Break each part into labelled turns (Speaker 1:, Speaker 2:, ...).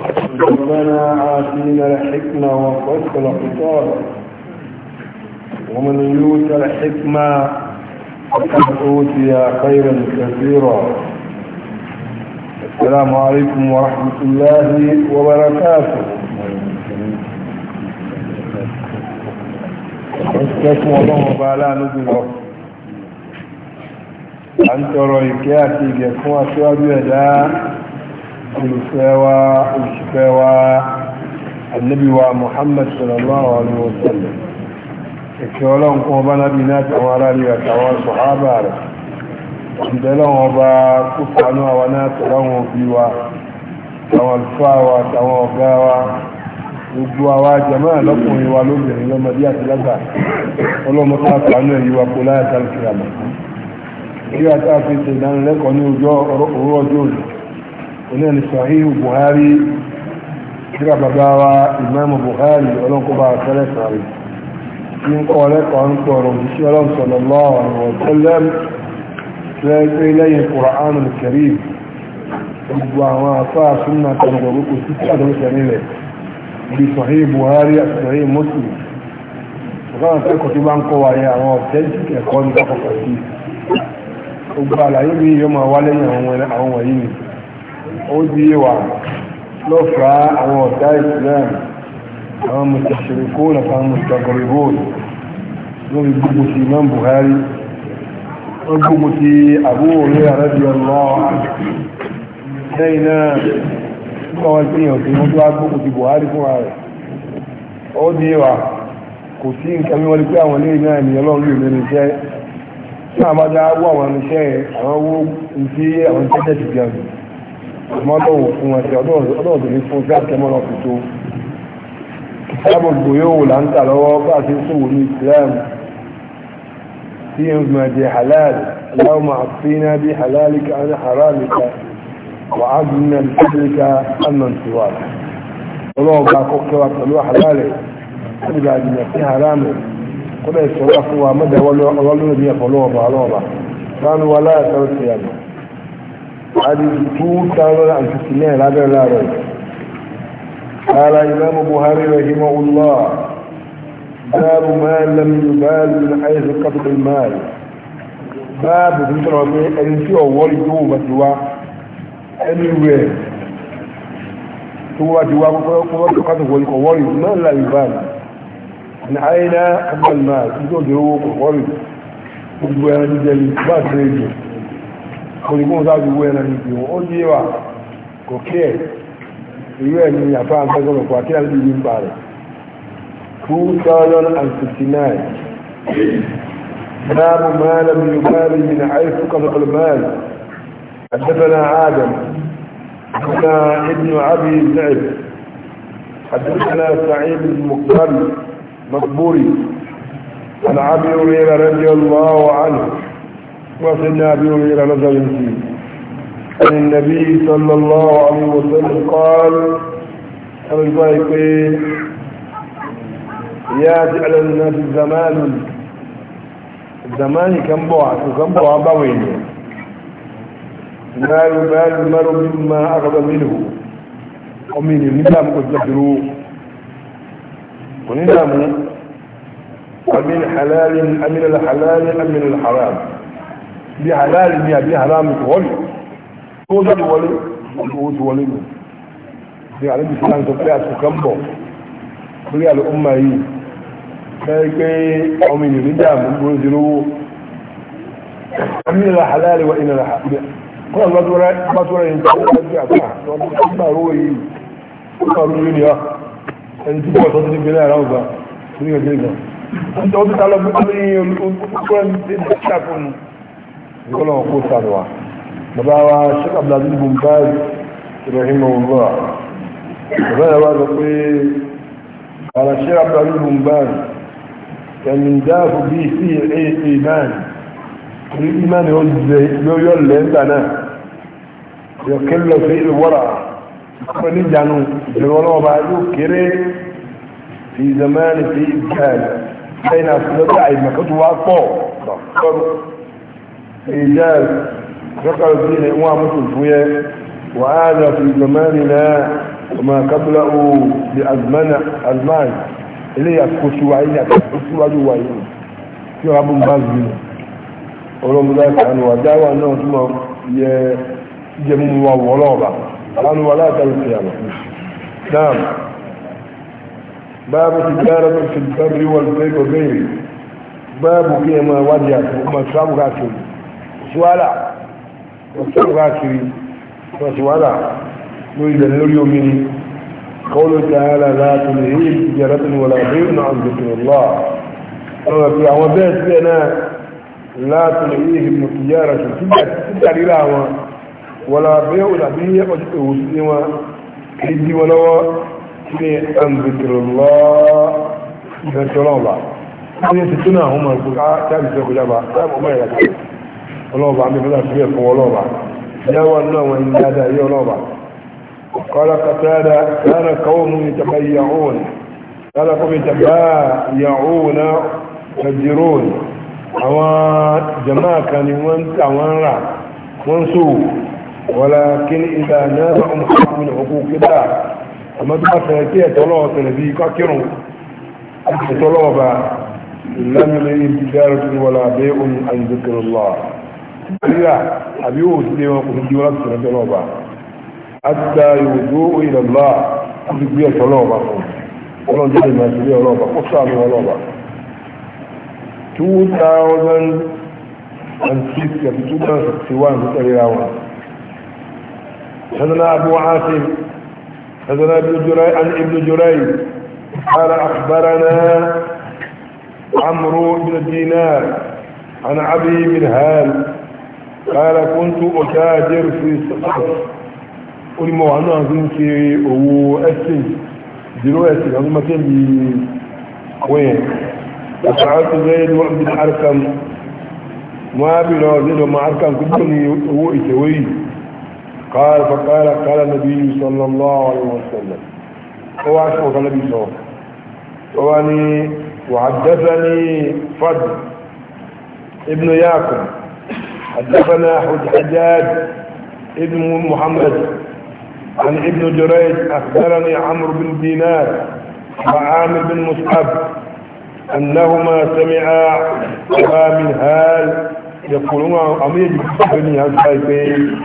Speaker 1: ربنا آتينا الحكمة وفصل خطابه ومن يؤت الحكمة فقد أوتي خيرا كثيرا السلام عليكم ورحمة الله وبركاته Ẹ̀kẹ́kùn الله ọba نزل jùlọ. À يا سيدي ìkẹ́ àti يا fún olùfẹ́ wa olùṣìfẹ́ wa annabi wa muhammad sallallahu alaihi wasallam ìfẹ́ ọlọ́run kún ọba nábi náà tàwọn ará rí àtàwọn sọ̀hábà rẹ̀ ìdẹ́lọ́wọ́n ọba kó sànú àwọn náà tàwọn òbí wa tàwọn alfa wa tàwọn ọ̀gá wa gbogbo àwa jama lọ́kùnrin wa lóbìnrin lọ́mọdé àti lágbà ọlọ́mọ tó ẹ̀yí wa kó láyàtà ìfìyàmọ̀ kí àtàkùn ìṣèdánilẹ́kọ̀ọ́ ní ojú ọ̀rọ̀ ọjọ́ ilé ní sahihu buhari kíra babawa imam buhari ọlọ́nkọba àtẹ́lẹ̀ sàrí tí ń kọ́ lẹ́kọ̀ọ́ ń tọrọ òjíṣẹ́ ọlọ́nsọ̀lọ́lọ́ àwọn ọ̀tẹ́lẹ́m tẹ́gbẹ́ lẹ́yìn kùránù karim gbogbo àwọn afáà súnmọ́ tọrọgbọ̀gbọ̀ kò sí àdọ́gbẹ̀ nílẹ̀ bí sahihu buhari àti sahihu muslim ọ̀gá ẹ̀kọ́ tí bá ń kọ́ wáyé àwọn authentic ẹ̀kọ́ ní kọ́kọ́ sí gbogbo àlàyé mi yóò máa wá lẹ́yìn àwọn wọ̀nyí ó di wà lọ́fà àwọn ọ̀tá islam àwọn mùsàṣẹ̀rẹ̀kó na fáwọn mùsàkọ̀rẹ̀bó lórí gbogbo ti imam buhari wọ́n gbogbo ti àbúrò rẹ̀ àrẹ́bí ọlọ́ lẹ́yìn náà nígbàwọ́n tí èèyàn tí wọ́n tó wá gbogbo ti buhari fún ààrẹ ó di wà rí pé àwọn tí àwọn bá dá wọ́ àwọn iṣẹ́ àwọn owó ní sí àwọn iṣẹ́ tẹ̀sí bí ọmọ ọlọ́wọ̀ fún ẹsẹ̀ ọlọ́ọ̀dọ̀ ní fún gáàkẹ́ mọ́ lọ́fi tó kìtàbù gbòyòwò là ń tà lọ́wọ́ bá a ti ń sòwò ní Islam tí ń fi jẹ halal aláwọ̀ máa fi náà bí halalika ní haramika wà á dùn náà bí halalika annan tiwa ọlọ́wọ̀ bá kọ́kẹ́ wa pẹ̀lú halalẹ̀ láti bá jìnà sí haramẹ̀ kọ́dọ̀ ìṣọ́wọ́ fún wa mọ́dà wọ́lọ́wọ́ bí ẹ̀fọ́ lọ́wọ́ bá lọ́wọ́ bá حديث 2059 هذا لا رأي قال إمام بخاري رحمه الله باب ما لم يبال من حيث قتل المال báàbù tó tọ́rọ pé ẹni tí ọ̀wọ́ ìdówò bá ti wá anywhere tó wá ti wá kọ́kọ́ tó kátò wọ́n kọ̀wọ́ rí náà láì báàbù ní àìyá agbàlmáà tí ó dẹ̀rọ kọ̀wọ́ rí gbogbo ẹran jíjẹ ní bá tẹ́lẹ̀ jù kòrìgbọ́n sáájú owó ẹran níbi wọn ó yé wa kò kí ẹ̀ irú ẹ̀ ní àfá àfẹ́sọ̀rọ̀ kò àkíyà lórí ní pa rẹ̀ 2059 باب ما لم يبال من حيث قبض المال حدثنا آدم حدثنا ابن أبي زعب حدثنا سعيد المقبل مقبوري عن أبي هريرة رضي الله عنه وسيدنا أبي هريرة نزل فيه عن النبي صلى الله عليه وسلم قال البيك يا جعل الناس الزمان الزمان كم بوعة كم بوعة بوين لا يبال المرء مما أخذ منه ومن النظام قدره ونظام ومن حلال أمن الحلال أمن الحرام bí halal ní àbí haram wọlé tó sọ́dọ̀ wọlé owó ti wọlé nù bí alẹ́bí sí láǹtọ́ pé àsìkò ń bọ̀ lórí àlùkùnmá yìí fẹ́ pé ọmọ ènìyàn ní dààmú gbọ́n sí lówó àmì ìlà halal wa ìlà halal kọ́ ọ̀nà bá tó rẹ̀ ní tó rẹ̀ ní àpá ọdún tó bá rówó yìí ó bá rú yìí يقولون قوس أنواع بابا الشيخ عبد العزيز بن باز رحمه الله بابا هذا قال الشيخ عبد العزيز بن باز كان من داف به فيه إيمان الإيمان يولي عندنا يكل في الورع فني جانو الولو بعدو كري في زمان في إبكال بين أسلوب عيب مكتوب وعطوه إيجاز ذكر الدين هو مثل فوية وهذا في زماننا وما قبله بأزمان ألمان إليه أتكسوا عيني أتكسوا عجوا عيني في رب البازمين ọlọ́run bá kàánù àdáwà náà tó máa yẹ jẹmú wa wọ́lọ́ ọ̀bà kàánù wa látàrí fi àmà náà báàbù ti dára tó fi bẹ́rẹ̀ wọ́n bẹ́ẹ̀ bẹ́ẹ̀ báàbù kí ẹ máa wájà tó máa tíráàbù káàkiri سوالا وصلوا باكري فسوالا نريد اليوم قوله تعالى لا تلهيب تجارة ولا غير عن ذكر الله في عوابات لنا لا تلهيهم تجارة تجار الهوى ولا بيع الأبيع وسلم حج ونوى في عن ذكر الله ذكر الله أن يستنا هما القرآن تابع في الخلافة تابع ما يلقى ولو بعد بلا شيء ولو بعد نوى النوى إن هذا هي ولو بعد قال قتادة كان قوم يتبايعون قال قوم يتبايعون يجرون أو جماعة كان يوان تعوان را منسو ولكن إذا نافع محاق من حقوق دا أما دعا سيكيه تلوه تلبيه كاكرون أحسن تلوه لم يلي ولا بيع عن ذكر الله rírà àbí ó sílé wọn kò ní jí wọn láti sọ̀rọ̀ tọ́lọ́ ọba àtà ìwòdó ìlọ́lá àti gbé ẹ̀tọ́ ọlọ́ọ̀ba fún ọlọ́run jẹ́ ìmọ̀ ìṣẹ̀lẹ̀ ọlọ́ọ̀ba kó sáàmù ọlọ́ọ̀ba 2006 àti 2061 ló tẹ̀lé ra wọn حدثنا أبو عاصم حدثنا ابن جريج عن ابن جريج قال أخبرنا عمرو بن دينار عن عبي بن هال قال كنت أتاجر في الصرف قل ما وانا كنت هو أسن دلوقتي أنا ما كان وين فسألت زيد وعبد الأركم ما بلا زيد وما أركم كنتني هو إتوي قال فقال قال النبي صلى الله عليه وسلم هو عشق النبي صلى الله عليه وسلم وحدثني فضل ابن ياكم حدثنا حجاج ابن محمد عن ابن جريج أخبرني عمرو بن دينار وعامر بن مصعب أنهما سمعا أبا هال يقولون أمير بن هالفايفين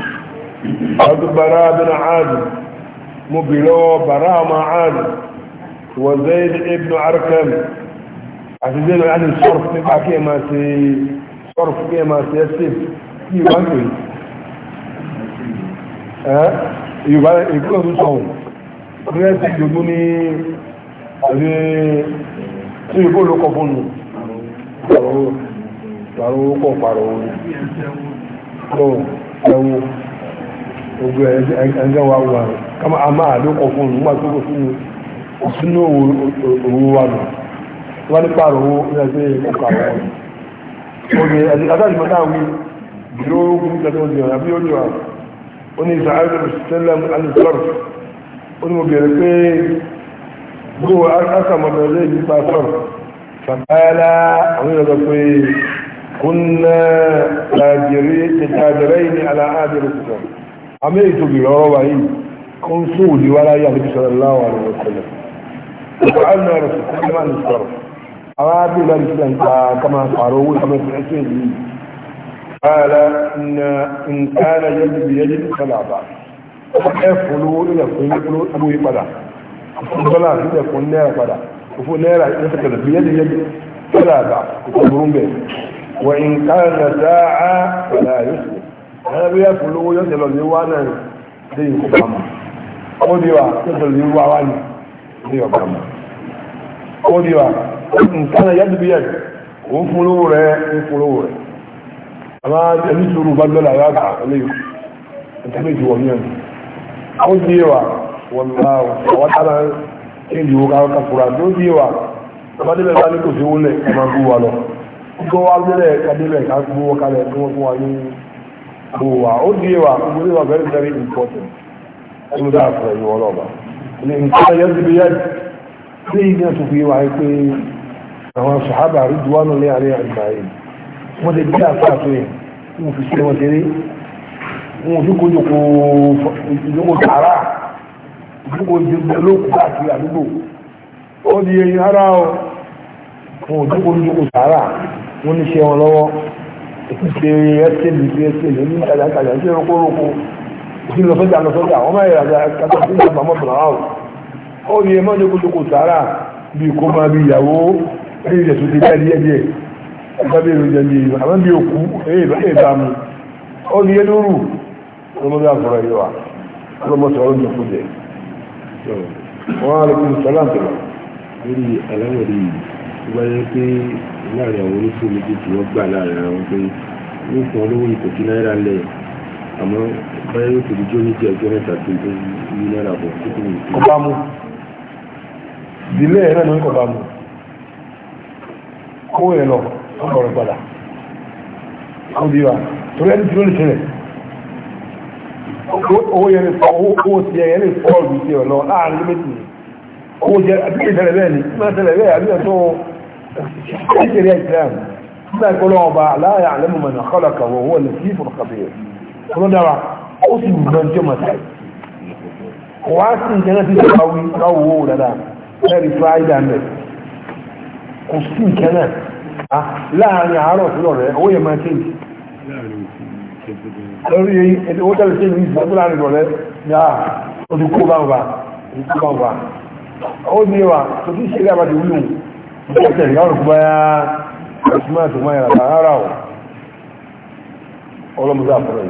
Speaker 1: عبد براء بن عازم مبلو براء مع عازم وزيد ابن أركم عزيزين عن يعني الصرف نبقى ما سي sọ́rọ̀ fún kí ẹ máa ṣe ẹ́sìn kí ìwà ń pè é ìwà ìkúlọ̀ tó sọ̀rọ̀ ní ẹ́sìn ìjọgbó ní ẹ̀rí tí ìbò ló kọ fún un pàrọ̀ owó pọ̀ pàrọ̀ owó tó ẹwọ ogun ẹgbẹ́ wa wà kama a máa ló kọ oye adájú mọ́tà wí bìrò ogun tẹ̀lé ojú ọ̀nà bí ojú ọ̀nà ó ní ìsàájú sẹ́lẹ̀m alìsọ́rọ̀ ó ní mo bèèrè pé gbogbo akàmọ̀tọ̀ lè nípa sọ̀rọ̀ fàbáyálá àwọn ìrọ̀lọ́ pé kúnná tàjẹ̀rẹ́ ní aláàbẹ̀rẹ̀ kùtọ̀ àmì ìtòbí lọ́rọ̀ wáyé kún sóòlì wáráyé àlébísọ̀rọ̀ láwọn àrùn ọ̀kọ̀lẹ̀ arábìnrin náà ìṣẹ̀lẹ̀ nípa kama pààrọ̀ owó ìkàmọ̀ ìṣẹ̀lẹ̀ sí èyí ààrẹ nǹkan yẹ́dì bí yẹ́dì ní sọ́lá àbá ẹ fún lówó ilẹ̀ fún ilé owó yí padà fún dọ́là ilẹ̀ fún náírà padà fún náírà ilẹ̀ fẹ̀kẹ̀lẹ̀ bí yẹ́dì yẹ́dì sọ́lá àbá kò burú bẹ̀ wà nǹkan na sáà padà yóò sùn ẹ̀rẹ́ bí yẹ́ fún lówó yóò tẹ̀lọ̀ ní wá náà dé ìkó pamọ́ ọmọdé wa yóò tẹ̀lọ̀ ní wá wá ní dé ọ̀pamọ́ ọmọdé wa nǹkan yàdùbí yàdù ó ń fúnlówó rẹ̀ ń fúnlówó rẹ̀ àmá ẹni sùúrù bá dọ́là yàgbà ọlẹ́yìn ìtàbí ti wọ̀ mìíràn ó di wa wọn bá wọ́n tábà ń ju owó ká fura tó di wa àmàdé bẹ́ẹ̀ bá ní kò sí owó lẹ̀ ẹ̀ wa lọ gbogbo wa lẹ́lẹ̀ kadé lẹ̀ ká gbowó kalẹ̀ kí wọ́n fún wa ní gbowó wa ó di wa gbogbo wa very very important ẹni mo dáa fún ẹ̀yìn wọn lọ́ba ní nǹkan àwọn sàhábà ríduwánù ní àárín àgbáyé wọ́n ti gbé àfáàtò yẹn wọ́n fi sílẹ̀ wọ́n tẹ́lẹ̀ wọ́n fi kó jòkó ìjókò tààrà ìjókò ìjọba káàkiri àdúgbò ó di eyín ara o wọ́n ò jókò ìjókò tààrà wọ́n ní ṣe wọn lọ́wọ́ ìpèsè ẹsẹ̀ lùdí ẹsẹ̀ lùdí ní kàjàkàjà ṣé ẹ̀rọ kóró ko ìdí lọ́sọ́jà lọ́sọ́jà wọ́n máa yẹ ẹ̀yìn ìjẹ̀ tó ti jẹ́ díẹ̀ díẹ̀ ìgbàbí èrò jẹ́ ní ìlú àwọn bí òkú ẹ̀ẹ́bàmù ó ní ẹlórù ọlọ́dọ̀ àfọ̀rọ̀ yìí wà ọlọ́mọ̀tò ọlọ́dọ̀ kú jẹ́ wọ́n á lè fi sọ́lá àtọ̀rọ̀ lórí aláwọ̀dì wáyé pé láàrin àwọn oníṣòwò méjèèjì wọ́n gbà láàrin àwọn pé ní ìfún olówó ìkò sí náírà lẹ̀ àmọ́ báyé ó tòbi jó méjì ẹgbẹ́ mẹ́ta tó ń bí náírà bọ̀ tó kù ní ìlú. kọ́bámu ìdílé ẹ̀ náà ló ń kówó ẹ̀ lọ ọmọ rẹ̀ padà àwọn bí wa torí ẹni tí ó lè ṣẹlẹ̀ owó yẹn lè fọ owó tí ẹ̀ lè fọ́ ọ̀gbìn tí ẹ̀ lọ láàrin méjì owó jẹ́ àbíkẹ́ ìṣẹ̀lẹ̀ bẹ́ẹ̀ ni ìgbà ìṣẹ̀lẹ̀ bẹ́ẹ̀ àbíkẹ́ tó ìṣẹ̀lẹ̀ ìṣẹ̀lẹ̀ nígbà ìpolówó ọba aláya àlẹ́mú mọ̀nà kọ́lọ̀kà wọ̀ wọ́n lè fi ìfọ̀rọ̀ kàbẹ̀ yẹn kọ́lọ́ dára ó sì gbọ́n jẹ́ mọ̀tà wá sí ìjẹ́rẹ́ ti sọ̀rọ̀ wí káwọ́ owó dáadáa bẹ́ẹ̀ ni fáyidà mẹ́rin kò sí ìkẹ́ náà ah, láàrin àárọ̀ sílọ̀ rẹ̀ owó yẹn máa tẹ́lẹ̀ lórí owó tẹ́lẹ̀ tẹ́lẹ̀ ní ìsìnkú láàrin ìrọ̀lẹ́ ya ojú kó bá wà ojú kó bá wà ó ní wa tó kí ṣe lábàá ti wúlò ìjẹ́tẹ̀ ìyá ọ̀rọ̀ kó bá yá ìsúnmọ́ àti ìmọ̀ ìrànlá rárá o ọlọ́mọdé àfọ̀rọ̀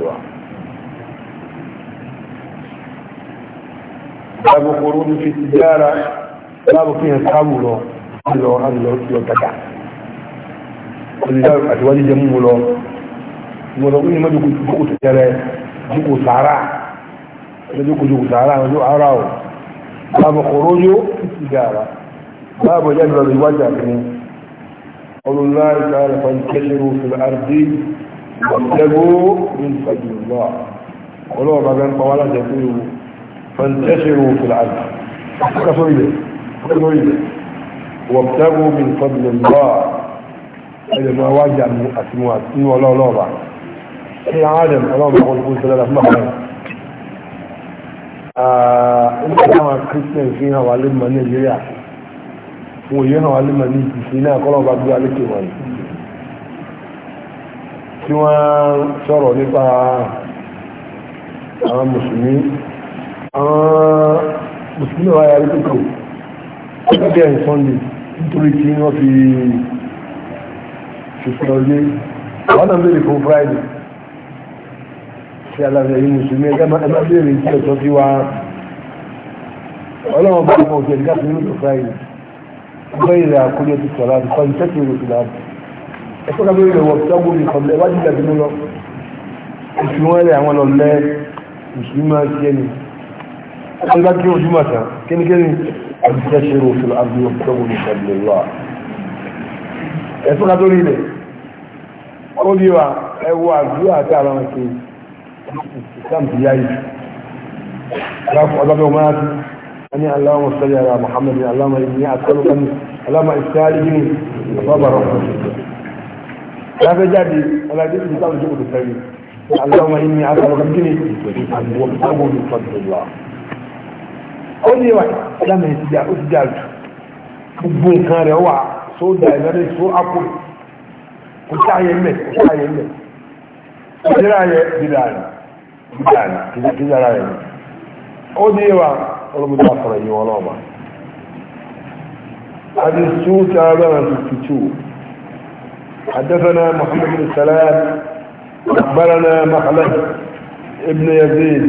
Speaker 1: fi ti dára báàbù fi hàn sáàbù lọ lọ alọ yọ dada olùdarí àtiwájú jẹ mú lọ mo lọ kúnyìn mọ́jú kókò tẹ̀rẹ̀ jùkò sàárà lọ́jọ́ kò jùkò sàárà lọ́jọ́ ara o báàbò kòró yó ti dára báàbò yẹn lọ ìwájú àfihàn olùlá ìsàlẹ̀ fàǹkẹ́ṣẹ́rù fìlà àrùdí wàtẹ́gbó ní ìfàjì lọ́wọ́ ọlọ́wọ́ bàbá ń pa wá láti ẹ̀kú fàǹkẹ́ṣẹ́rù fìlà àrùdí kọ́kọ́ sórí rẹ̀ kọ́kọ́ sórí rẹ̀ وابتغوا من فضل الله إذا ما واجع أسموات إن ولا لا بعد هي عالم اللهم صل وسلم صلى الله عليه وسلم إنت كما كريستيان فينا وعلم من نيجيريا وينا وعلم من نيجي فينا كلهم بعد ذلك وعلم tí wọ́n sọ̀rọ̀ nípa àwọn mùsùlùmí àwọn mùsùlùmí wáyé arígbòkò ọjọ́ bí ẹ̀ sunday nítorí tí wọ́n fi ṣùfẹ́ ọlé wọ́n náà bèèrè fún friday sí aláfẹ́ yìí mùsùlùmí ẹgbẹ́ máa bèèrè tí ọ̀tọ́ sí wa ọlọ́wọ́n bá fọ́ òṣèlú káfí ní ọ̀tọ̀ friday ọgbẹ́ ìrẹ̀ àkójọ ti sọ̀rọ̀ àti kọ́ni tẹ́tì ìrò sí láti ẹ̀kọ́ ká bèèrè wọ̀ tí ọgbọ́n mi kọ̀ọ̀lẹ́ wájú ìgbà bínú lọ oṣù wọn rẹ̀ àwọn lọ́lẹ́ mùsùlùmí máa ń ṣiẹ́ ni ọjọ́ bá kí ojú màtà kéníkéní انتشروا في الارض وابتغوا من فضل الله افقدوا لي قولي وا ايوا جوا تعالى ما كي كم في جاي راف ادب ومات اني اللهم صل على محمد اللهم اني اسالك ان اللهم استعجلني بابا ربك لا تجدي ولا تجدي تجد الخير اللهم اني اسالك ان تجدني وابتغوا من فضل الله ó ní wà ìsìlámù yẹn ti dà ó ti dà jù gbogbo nǹkan rẹ̀ wà so dynamic so accurate kò sáàyè mẹ́ kò sáàyè mẹ́ ìdíra yẹ bíra rẹ̀ bíra rẹ̀ kìí kìí dára rẹ̀ ó ní wà ọlọ́mọdé àfọ̀rọ̀ yìí wọn lọ́wọ́ حديث 262 حدثنا محمد بن سلام أخبرنا مخلد ابن يزيد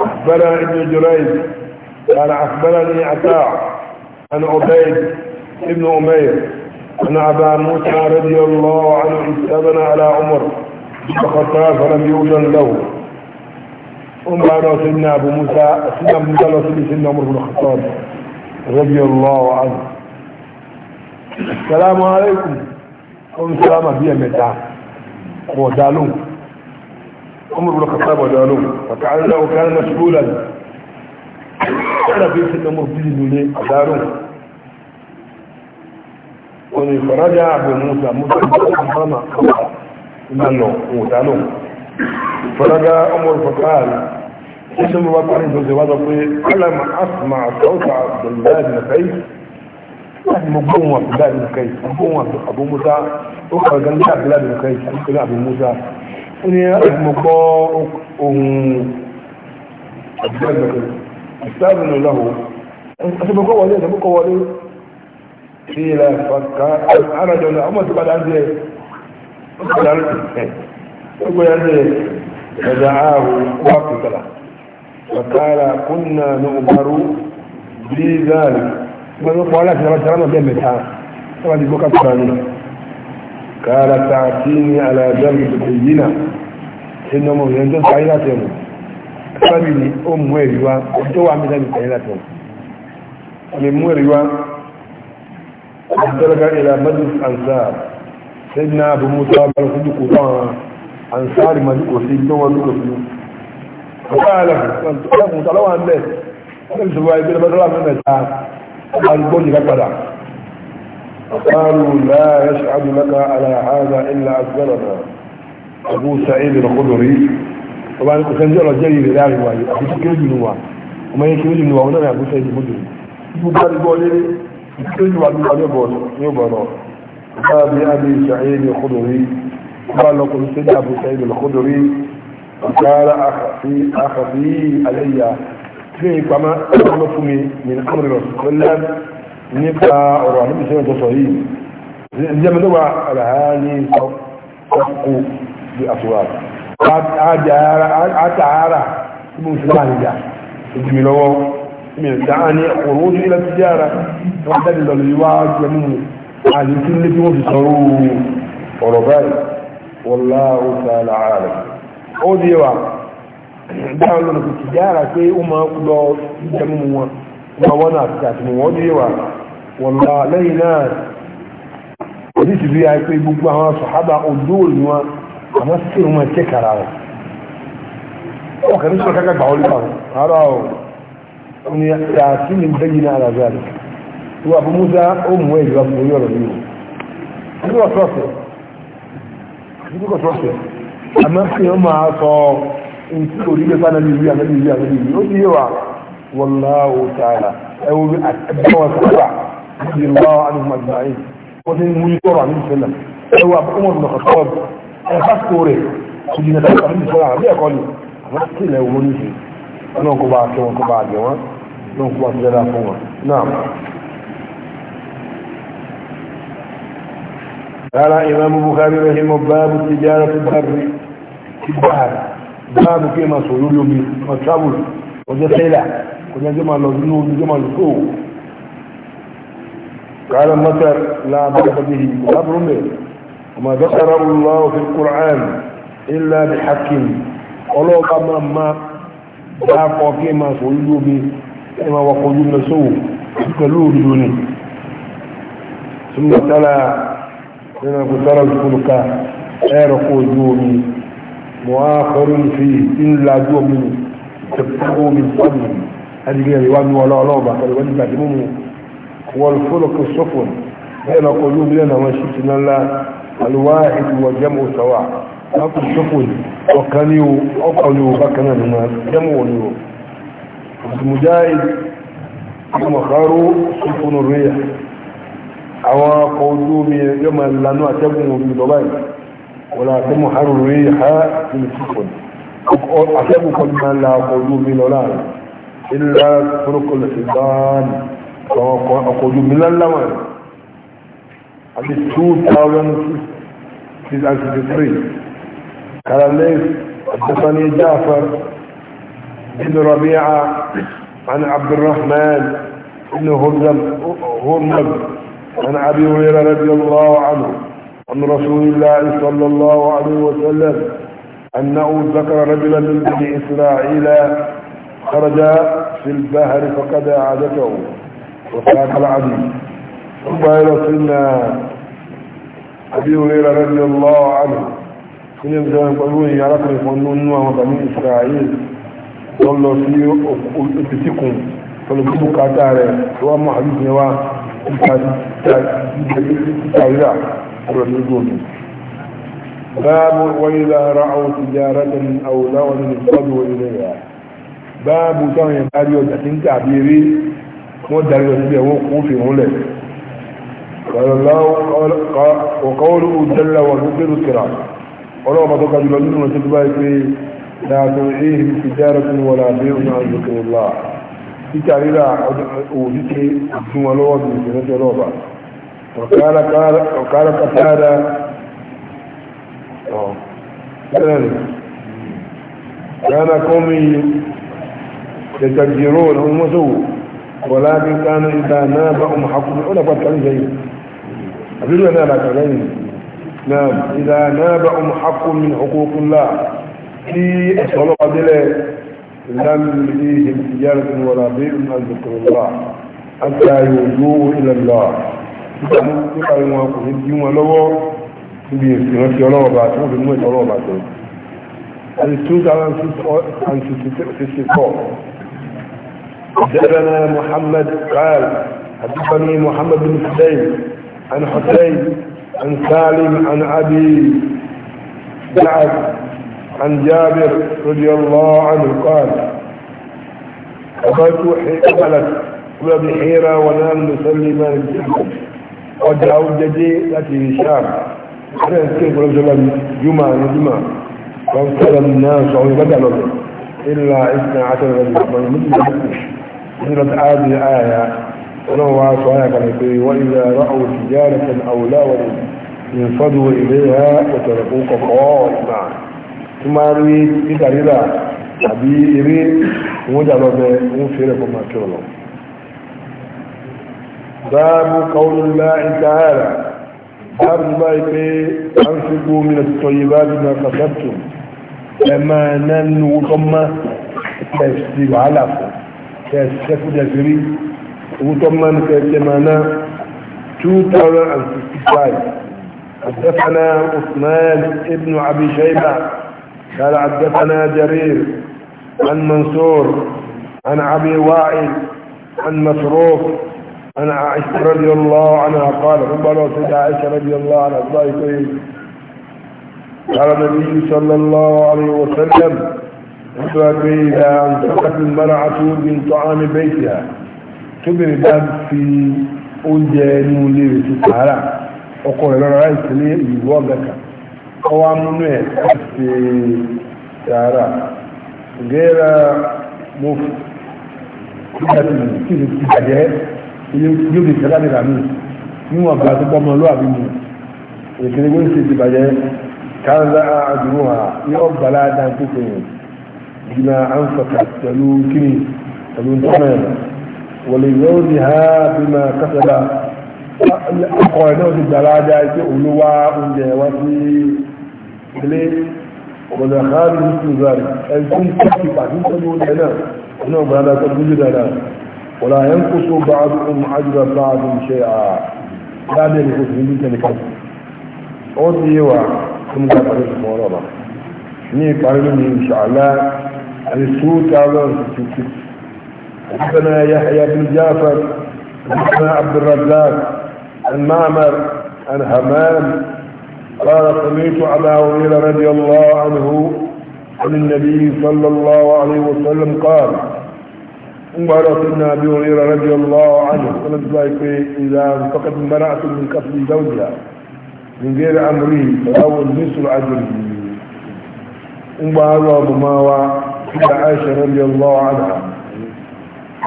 Speaker 1: أخبرنا ابن جريج قال أخبرني عطاء عن عبيد ابن أمير أن أبا موسى رضي الله عنه استأذن على عمر فخطاه فلم يؤذن له أمر سيدنا أبو موسى سيدنا أبو موسى سيدنا عمر بن الخطاب رضي الله عنه السلام عليكم قوم سلامة بيا متاع ودالون عمر بن الخطاب ودالون وكان له كان مشغولا ẹ̀rọ̀fẹ́ sí ọmọ bíi lulẹ̀ ọ̀dárùn wọn ni faraja abu musa musa musa mama ina lọ òòtá lọ faraja ọmọ ìfọkàl ṣe ṣe wá parí tó ṣe wá sọ pé alam asma sọ́ọ̀tà abdullahi bin kai láti mọ gbóhùn abdullahi bin kai gbóhùn abu musa ó kọ̀ gan ní abdullahi bin kai àti abu musa ó ní láti mọ gbọ́ ohun abdullahi bin kai ìsáàbùn lọ́wọ́ ẹ̀sìnkọ́ wọlé ẹ̀sìnkọ́ wọlé sí ilẹ̀ fàkà àrẹ̀jọ náà ọmọ tí padà ń jẹ ọgbẹ̀ yẹn jẹ ẹ̀dà ààrùn wà pìtàlà fàkàrà kúnnà ní umaru bí záàlì yìí náà ṣe ọmọ yẹn sáyé láti sábì ni ó mú ẹ̀rí wá tó wà mí sábì tẹ̀lé látọ̀ ọ̀lẹ̀ mú ẹ̀rí wá ìtọ́lọ́gá ìlà mẹ́jọ ansar sẹ́yìn náà bó mú tó wà bọ́lá fún kò fáwọn ansar mà ní kò sí tó wọn lókè fún ọ̀pá àlẹ́ ọ̀pá قالوا لا يشهد لك على هذا إلا أكبرنا أبو سعيد الخدري ọba ní kò sẹ́ńtì ọ̀rọ̀ jẹ́rìí rẹ̀ láàrin wa yìí àbúṣe kéré jù nù wa ọmọ yẹn kéré jù nù wa wọn náà àbúṣe ìdìbò jù nù bá ní bọ́ọ̀lẹ́ kéré jù wa ní ọjọ́ bọ̀ọ̀lọ́ ní ọ̀bọ̀ọ̀lọ́ ọba bí adé ìṣàyẹ ní ọkọdọ̀rí ọba lọkùnrin sẹ́ńtì àbúṣe ìdìbò ọkọdọ̀rí ọ̀gára àkàfí àlẹ́yà tí ní ìpamọ́ ọmọ fún mi ní amúlẹ̀ rọ̀ kọ́lá nípa ọ̀rọ̀ àdébìsẹ́ ìjọsọ yìí ìjẹ́mi ló wà àlàáyé ọkọ̀ bí àtúwà àtàárà tí mo sì láàrin jà ìjìmì lọ́wọ́ mi ò dáa ní ọ̀rọ̀ ojú ilẹ̀ ti jára wọ́n jáde lọ lè wá jẹ mú àti tí lé tí wọ́n fi sọ̀rọ̀ ọ̀rọ̀ báyìí wallahu ta'ala alam ó di wa dáa lọ́nà kò ti jára pé ó máa lọ jẹ mú wọn wọn wọn náà ti àtìmọ̀ wọ́n di wa wallahu lẹ́yìn náà òdìsí bí i pé gbogbo àwọn sàhábà òdúrò ni wọn àmọ́ sí òun ẹ̀ kékàrà rẹ̀ wọ́n kẹ́ ní sọ̀rọ̀ kẹ́kẹ́ gbà wọlé pàrọ̀ ara o ni yàtí ni bẹ́yìn ní ara zari wọ́n àbú musa ó mú ẹ̀yìn wá fún orí ọ̀rọ̀ yìí o ní wọ́n tọ́sẹ̀ ní kò tọ́sẹ̀ àmọ́ sí òun máa sọ nǹkan orí gbẹ́sà náà nìyí àná nìyí àná nìyí ó ti yé wa wọ́láwó tààlà ẹwọ́ bí àtẹ́bọ́wọ́ sábà ní ìlú wa ánìmọ̀ àjùmáyé wọ́n ti ń mú ìtọ́rọ̀ àmì ìṣẹ̀lẹ̀ ẹwọ́ àbúkọ́mọ̀ ẹ̀fà tó rẹ̀ kò jìnà tó kàrí ìfọ́ àbí ẹ̀kọ́ ni àwọn tó ilẹ̀ wọn ní ṣe náà kó bá tó wọn kó bá jẹ wọn náà kó bá tó dára fún wọn náà. قال إمام البخاري رحمه باب تجارة البر في البحر باب كما سيقول يومي ما تشابه وجه سيلة وجه جمع لزنو وجه جمع لسوه قال مصر لا بأس به باب رمي وما ذكر الله في القرآن إلا بحق ولو قام ما ذاقوا كما سويدوا به كما وقلوا نسوا كلوا بدوني ثم تلا لنا ترى الفلك غير جوني مؤخر فيه إلا جوم تبقوا من قبل هذه هي الوان ولا لعبة فالوان بعد والفلك السفن بين قلوب لنا ما شئتنا الله الواحد وجمع سواء أقول شكوي وكانوا أقلوا بكنا هنا جمعوا نيو المجاهد كما خاروا سفن الريح أو من يوم لأنه أتبعوا بدبي ولا تمحروا الريح في السفن أتبعوا كل من لا من الأولاد إلا فرق الحضان أقوتوا من اللوان at least 2,663 قال الليث حدثني جعفر بن ربيعة عن عبد الرحمن بن هرمز عن أبي هريرة رضي الله عنه عن رسول الله صلى الله عليه وسلم أنه ذكر رجلا من بني إسرائيل خرج في البحر فقد عادته وساق العديد ثم إلى سيدنا أبي هريرة رضي الله عنه كنا بزمان قلوه يعرفنا يقولون وبني إسرائيل والله في أتسكم فلقدوا كاتارة سواء ما حديث نواء تاويلا رسول باب وإذا رأوا تجارة أو لغوا انقضوا إليها باب كان يبالي وتحسين تعبيري مدرسة وقوف مولد قال الله قال وقوله جل وجل الكرام ولو ما تقعد لنا وتتبعك لا تلعيهم تجارة ولا بيع عن ذكر الله في تعليل أوزيك ثم لوض من جنة لوضع وقال قال وقال قتادة آه. كان قومي يتجرون هم ولكن كان إذا نابهم حكم العلفاء كان زيهم àbílẹ̀ náà láti lẹ́yìn náà ìlà náà bá ọmọ hakùn min hukukun lá tí ẹ̀sọ́ ọlọ́pàá délẹ̀ ìlànà ìdí ìjẹ́rì tó wọ́n rà bí ìlànà ìdókòrò lá àti ayò yóò ilẹ̀ lọ nípa nípa wọn kò ní bí wọn lọ́wọ́ níbi ìrántí ọlọ́ọ̀bà tí wọ́n fi mú ẹ̀sọ́ ọlọ́ọ̀bà tó àti 2064 حدثنا محمد قال حدثني محمد بن سليم عن حسين عن سالم عن أبي سعد عن جابر رضي الله عنه قال قبلت قبلت قبل بحيرة ونام نصلي ما نجد ودعوا جدي التي أنا أذكر قبل سلام جمعة جمعة فانصر الناس وهم بدل إلا اثنا عشر رجل من مثل هذه الآية ولو عاشوا عليك آية وإذا رأوا تجارة أو لاوا ينفضوا إليها وتركوك قائما ثم أروي تدريبا أبي إري وجعلوا بمفيركم ما كرلوا باب قول الله تعالى باب بايك أنفقوا من الطيبات ما كسبتم لما ننوكم تفسير على تفسير جزري وتو من كمانا 2065 حدثنا عثمان ابن ابي شيبه قال حدثنا جرير عن منصور عن ابي وائل عن مصروف عن عائشة رضي الله عنها قال ربنا سيد عائشة رضي الله عنها الله قال النبي صلى الله عليه وسلم إذا أنفقت المرأة من طعام بيتها tóbìnrin bá fi oúnjẹ inú ilé rẹ̀ ti sàárà ọkọ rẹ̀ lọ́rọ̀ láì sílé ìlú ọ̀gàkà ọ wá múnú ẹ̀ láti sàárà gẹ́ra mo nígbà tí ni ti ti bàjẹ́ yóò di sẹ́lá nìlà mi níwọ̀n bá tó bọ́mọ lóàbí mu ìpínlẹ̀ wọ́n ti ti bàjẹ́ káńdà àdúró ha yóò bàlá dáńtó pé jìnnà àǹfààní pẹ̀lú kíni pẹ̀lú ntọ́mọ̀ ولزوجها بما كسب ọkọ ẹ̀ náà ti gbà láàdá ẹ̀ pé olówá oúnjẹ wá sí ilé ọ̀dọ̀ àkáàrí ní ṣùgbọ́n ẹ̀kú ìpàdé pàtí tọ́jú oúnjẹ náà ọ̀nà ọ̀gbọ̀n adájọ́ gúnjẹ dáadáa ọ̀là ẹ̀ ń kó só bá ọdún àjúbà sáàdù ṣe àdáàdé ní oṣù níbi tẹ̀lé kan ó ti yé wa tó ń gbàgbà ní ìfọ̀rọ̀ ọ̀rọ̀ ní ìparí ní ìṣàlá àti 2056 حدثنا يحيى بن جعفر حدثنا عبد الرزاق عن معمر عن حمام قال سمعت على هريره رضي الله عنه عن النبي صلى الله عليه وسلم قال مباركنا ابي هريره رضي الله عنه قال ذلك اذا فقد امراه من قتل زوجها من غير امره فله العجل اجره ابو ماوى عائشه رضي الله عنها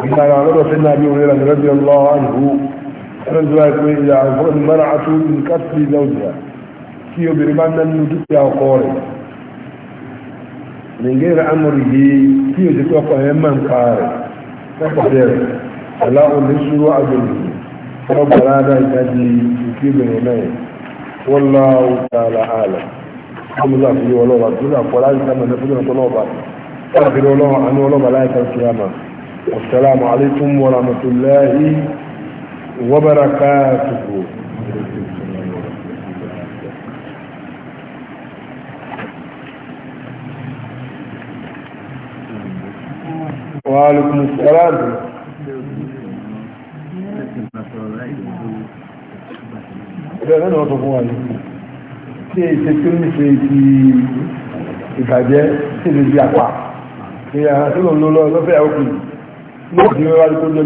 Speaker 1: أما لعرض سيدنا أبي هريرة رضي الله عنه رضي الله عنه المرأة من كسب زوجها كيو برمان النجوك يا قوري من غير أمره كيو تتوقع يمن قاري تقدر فلا أنسر وأجله رب العالى الذي يكيب الهمين والله تعالى أعلم الحمد لله في ولو رسول الله فلا يسمى نفسنا طلوبا أخر الله أنه لما لا يترك والسلام عليكم ورحمة الله وبركاته وعليكم السلام Ìbẹ̀rẹ̀ náà tó fún wa ní ṣe ìṣẹ́ tí ó ní ṣe ti ìbàjẹ́ tí lè àpá. Ìyàrá tí lò lọ lọ́fẹ́ àwọn òkùnrin yóò di wíwá tó lé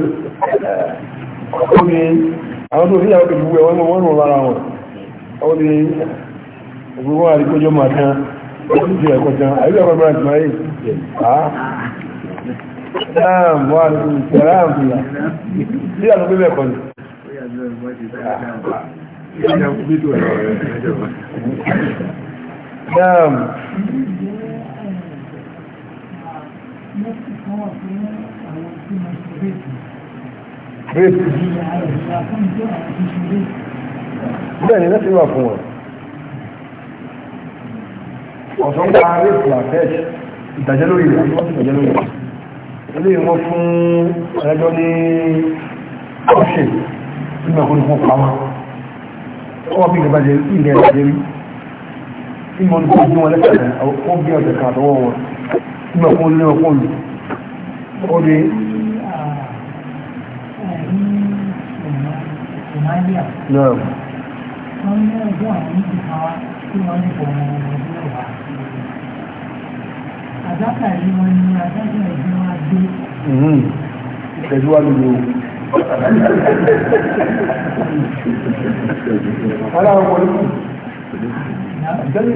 Speaker 1: lórí àwọn tó fíyàwó pẹ̀lú ẹ̀wọ́n mọ́ wọ́n mọ̀ lára wọn ó ní ìgbogbo àríkójọ́ máa tán ó ti ẹ̀kọ́ tán àyíká ọmọ ìbára ti máa yìí àá náà mọ́ àríkójọ́ ìṣẹ̀lá àmìyà sí àlùgbé mẹ́kọ̀ọ́ ni Naam rẹ́pù bẹ́ẹ̀ ni lẹ́sìn wà fún wọn ọ̀sán gba rẹ́pù àfẹ́ẹ̀ṣì ìdájẹ́ lórí rẹ̀ ìdájẹ́ lórí rẹ̀ ilé ìwọ́n fún ẹjọ́ ní ọ̀ṣẹ̀ nígbà kó ní fún pàmà ọwọ́ bí ìjọba jẹ ilẹ̀ ìjẹ́ rí tí mo ní kó gún wọn lẹ́sẹ̀ ó bí ọ̀sẹ̀ kan àtọwọ́ Tẹ̀síwájú ni o. Ọlá ọmọ olùkù. Jẹ́nu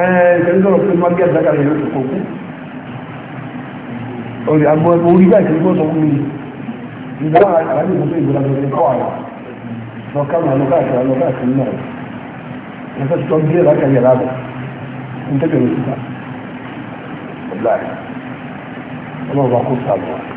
Speaker 1: ẹ̀ẹ́dẹ́gbẹ̀rún sọ̀rọ̀ pé máa gé àdáka rẹ̀ yóò kò kú. Orí àgbọ̀ orí báyìí kì í gbọ́dọ̀ wúni. Ìgbà àwọn àgbàdo ìgbà tó ń bọ̀ ìgbà tó ń bọ̀ àwọn lọ não àlọ káàkiri àlọ káàkiri essa yẹn fẹ́ tọ́ bílẹ̀ láti àyẹ̀rẹ́ àbọ̀ ń tẹ́tẹ̀ lọ síta ọ̀bláì ọlọ́ọ̀bá kó sáà